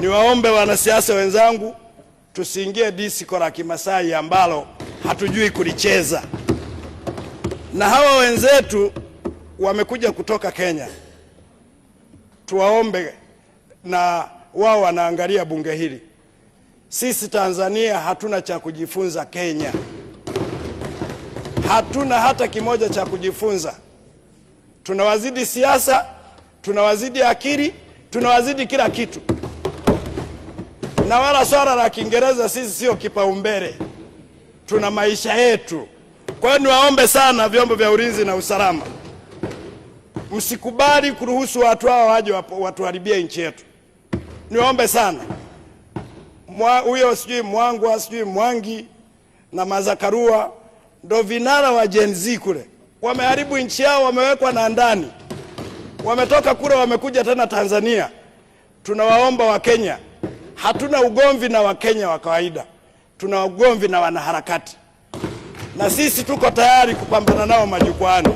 Niwaombe wanasiasa wenzangu, tusiingie disko la Kimasai ambalo hatujui kulicheza, na hawa wenzetu wamekuja kutoka Kenya, tuwaombe na wao wanaangalia bunge hili. Sisi Tanzania hatuna cha kujifunza Kenya, hatuna hata kimoja cha kujifunza. Tunawazidi siasa, tunawazidi akili, tunawazidi kila kitu na wala swala la Kiingereza sisi sio kipaumbele, tuna maisha yetu. Kwa hiyo niwaombe sana vyombo vya ulinzi na usalama, msikubali kuruhusu watu hao waje watuharibie nchi yetu. Niwaombe sana huyo sijui Mwangwa sijui Mwangi na Mazakarua ndo vinara wa Gen Z kule, wameharibu nchi yao, wamewekwa na ndani, wametoka kule, wamekuja tena Tanzania. Tunawaomba Wakenya Hatuna ugomvi na Wakenya wa kawaida, tuna ugomvi na wanaharakati, na sisi tuko tayari kupambana nao majukwani